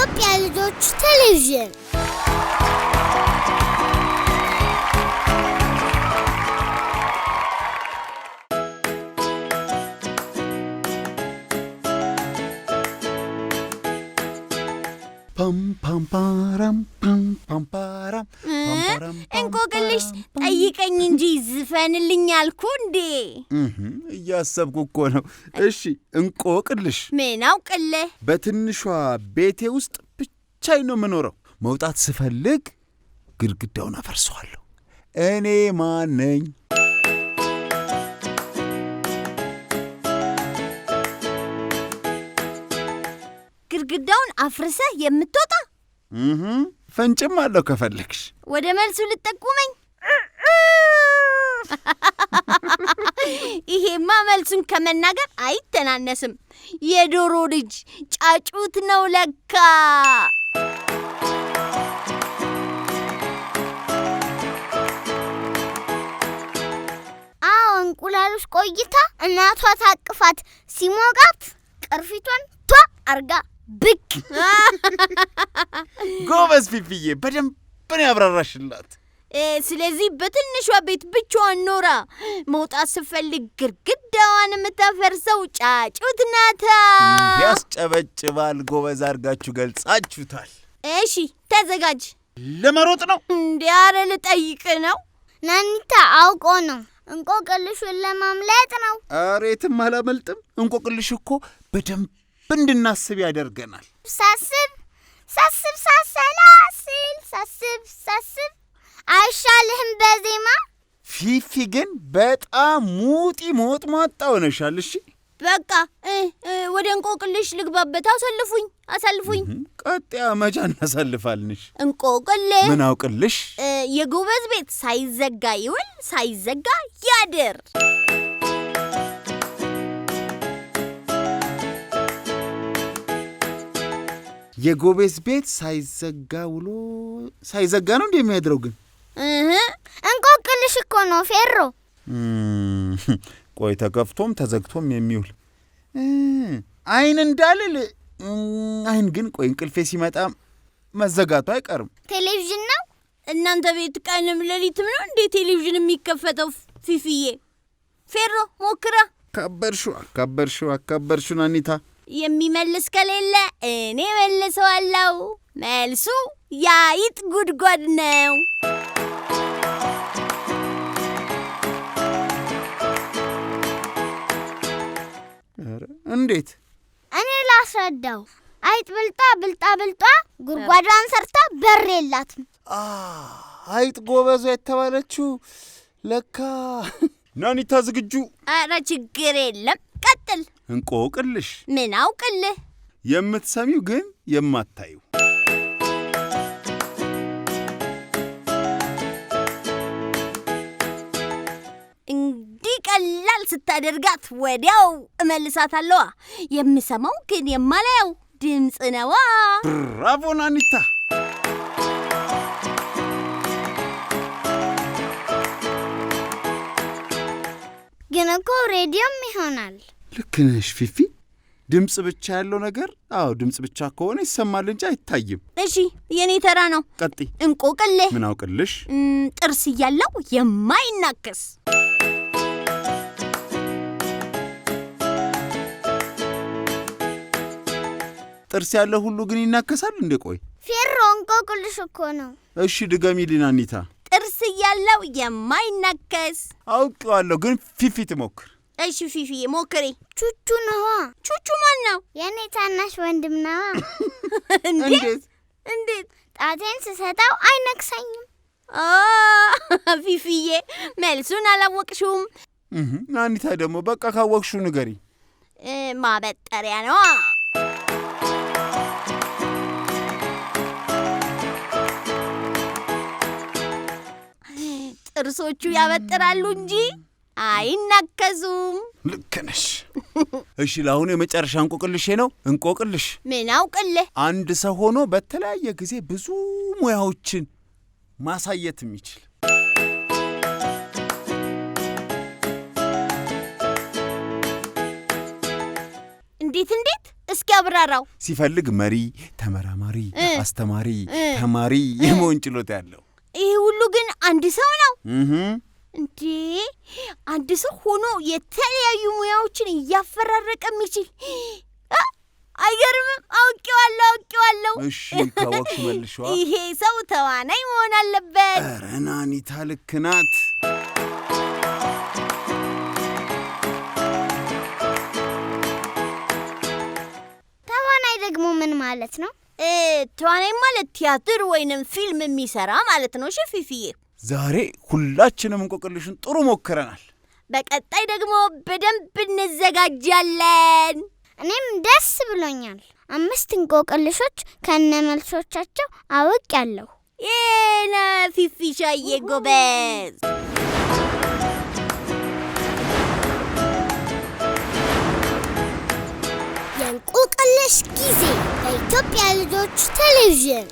Ütopya 4 Televizyon. እንቆቅልሽ ጠይቀኝ እንጂ ዝፈንልኝ አልኩ እንዴ? እያሰብኩ እኮ ነው። እሺ እንቆቅልሽ። ምን አውቅልህ? በትንሿ ቤቴ ውስጥ ብቻዬን ነው የምኖረው። መውጣት ስፈልግ ግድግዳውን አፈርሰዋለሁ። እኔ ማን ግድግዳውን አፍርሰህ የምትወጣ ፈንጭም አለው ከፈለግሽ። ወደ መልሱ ልጠቁመኝ። ይሄማ መልሱን ከመናገር አይተናነስም። የዶሮ ልጅ ጫጩት ነው ለካ። አዎ እንቁላሉስ ቆይታ እናቷ ታቅፋት ሲሞቃት ቅርፊቷን ቷ አርጋ ብቅ። ጎበዝ ፊፍዬ፣ በደንብ ነው ያብራራሽላት። ስለዚህ በትንሿ ቤት ብቻዋን ኖራ መውጣት ስፈልግ ግድግዳዋን የምታፈርሰው ጫጩት ናታ። ያስጨበጭባል። ጎበዝ አድርጋችሁ ገልጻችሁታል። እሺ ተዘጋጅ። ለመሮጥ ነው እንዴ? ኧረ ልጠይቅ ነው። ናኒታ አውቆ ነው እንቆቅልሹን ለማምለጥ ነው። አሬትም አላመልጥም። እንቆቅልሽ እኮ በደንብ እንድናስብ ያደርገናል። ሳስብ ሳስብ ሳሰላስል ሳስብ ሳስብ አይሻልህም በዜማ ፊፊ ግን በጣም ሙጢ ሞጥሟጣ ሆነሻል። እሺ በቃ ወደ እንቆቅልሽ ልግባበት። አሳልፉኝ አሳልፉኝ። ቀጥያ መጃ እናሳልፋልንሽ። እንቆቅልሽ ምን አውቅልሽ። የጎበዝ ቤት ሳይዘጋ ይውል ሳይዘጋ ያድር። የጎቤዝ ቤት ሳይዘጋ ውሎ ሳይዘጋ ነው እንደ የሚያድረው። ግን እንቆቅልሽ እኮ ነው ፌሮ። ቆይ ተከፍቶም ተዘግቶም የሚውል አይን እንዳልል አይን ግን ቆይ እንቅልፌ ሲመጣ መዘጋቱ አይቀርም። ቴሌቪዥን ነው እናንተ ቤት ቀንም ሌሊትም ነው እንዴ ቴሌቪዥን የሚከፈተው? ፊፊዬ ፌሮ ሞክራ። አካበርሹ አካበርሹ አካበርሹን አኒታ የሚመልስ ከሌለ እኔ መልሰዋለሁ። መልሱ የአይጥ ጉድጓድ ነው። እንዴት? እኔ ላስረዳው። አይጥ ብልጣ ብልጣ ብልጧ ጉድጓዷን ሰርታ በር የላትም። አይጥ ጎበዟ የተባለችው ለካ ናኒታ ዝግጁ። አረ ችግር የለም እንቆቅልሽ። ምን አውቅልህ? የምትሰሚው ግን የማታዩ እንዲህ ቀላል ስታደርጋት ወዲያው እመልሳታለዋ። የምሰማው ግን የማላየው ድምፅ ነዋ። ብራቮ ናኒታ! ግን እኮ ሬዲዮም ይሆናል። ልክ ነሽ ፊፊ። ድምፅ ብቻ ያለው ነገር አዎ፣ ድምፅ ብቻ ከሆነ ይሰማል እንጂ አይታይም። እሺ፣ የኔ ተራ ነው። ቀጥይ። እንቆቅሌ ምን አውቅልሽ? ጥርስ እያለው የማይናከስ ጥርስ ያለው ሁሉ ግን ይናከሳል እንዴ? ቆይ ፌሮ፣ እንቆቅልሽ እኮ ነው። እሺ፣ ድገሚልን አኒታ። ጥርስ እያለው የማይናከስ አውቀዋለሁ፣ ግን ፊፊ ትሞክር እሺ ፊፊ ሞክሪ። ቹቹ ነዋ። ቹቹ ማን ነው? የእኔ ታናሽ ወንድም ነዋ። እንዴት እንዴት? ጣቴን ስሰጠው አይነክሰኝም። ፊፊዬ መልሱን አላወቅሽውም። አኒታ ደግሞ በቃ ካወቅሹ ንገሪ። ማበጠሪያ ነዋ። ጥርሶቹ ያበጥራሉ እንጂ አይናከዙም። ልክ ነሽ። እሺ፣ ለአሁኑ የመጨረሻ እንቆቅልሼ ነው። እንቆቅልሽ ምን አውቅልህ? አንድ ሰው ሆኖ በተለያየ ጊዜ ብዙ ሙያዎችን ማሳየት የሚችል እንዴት እንዴት? እስኪ አብራራው። ሲፈልግ መሪ፣ ተመራማሪ፣ አስተማሪ፣ ተማሪ የመሆን ችሎታ ያለው ይህ ሁሉ ግን አንድ ሰው ነው። እንዴ አንድ ሰው ሆኖ የተለያዩ ሙያዎችን እያፈራረቀ የሚችል አይገርምም? አውቄዋለሁ አውቄዋለሁ። እሺ ካወቅሽ መልሸዋ። ይሄ ሰው ተዋናይ መሆን አለበት። ኧረ ናኒታ ልክ ናት። ተዋናይ ደግሞ ምን ማለት ነው? ተዋናይ ማለት ቲያትር ወይንም ፊልም የሚሰራ ማለት ነው። ሽፊፍዬ ዛሬ ሁላችንም እንቆቅልሹን ጥሩ ሞክረናል። በቀጣይ ደግሞ በደንብ እንዘጋጃለን። እኔም ደስ ብሎኛል። አምስት እንቆቅልሾች ከነ መልሶቻቸው አውቅ ያለሁ የና ፊፊሻዬ ጎበዝ። የእንቆቅልሽ ጊዜ በኢትዮጵያ ልጆች ቴሌቪዥን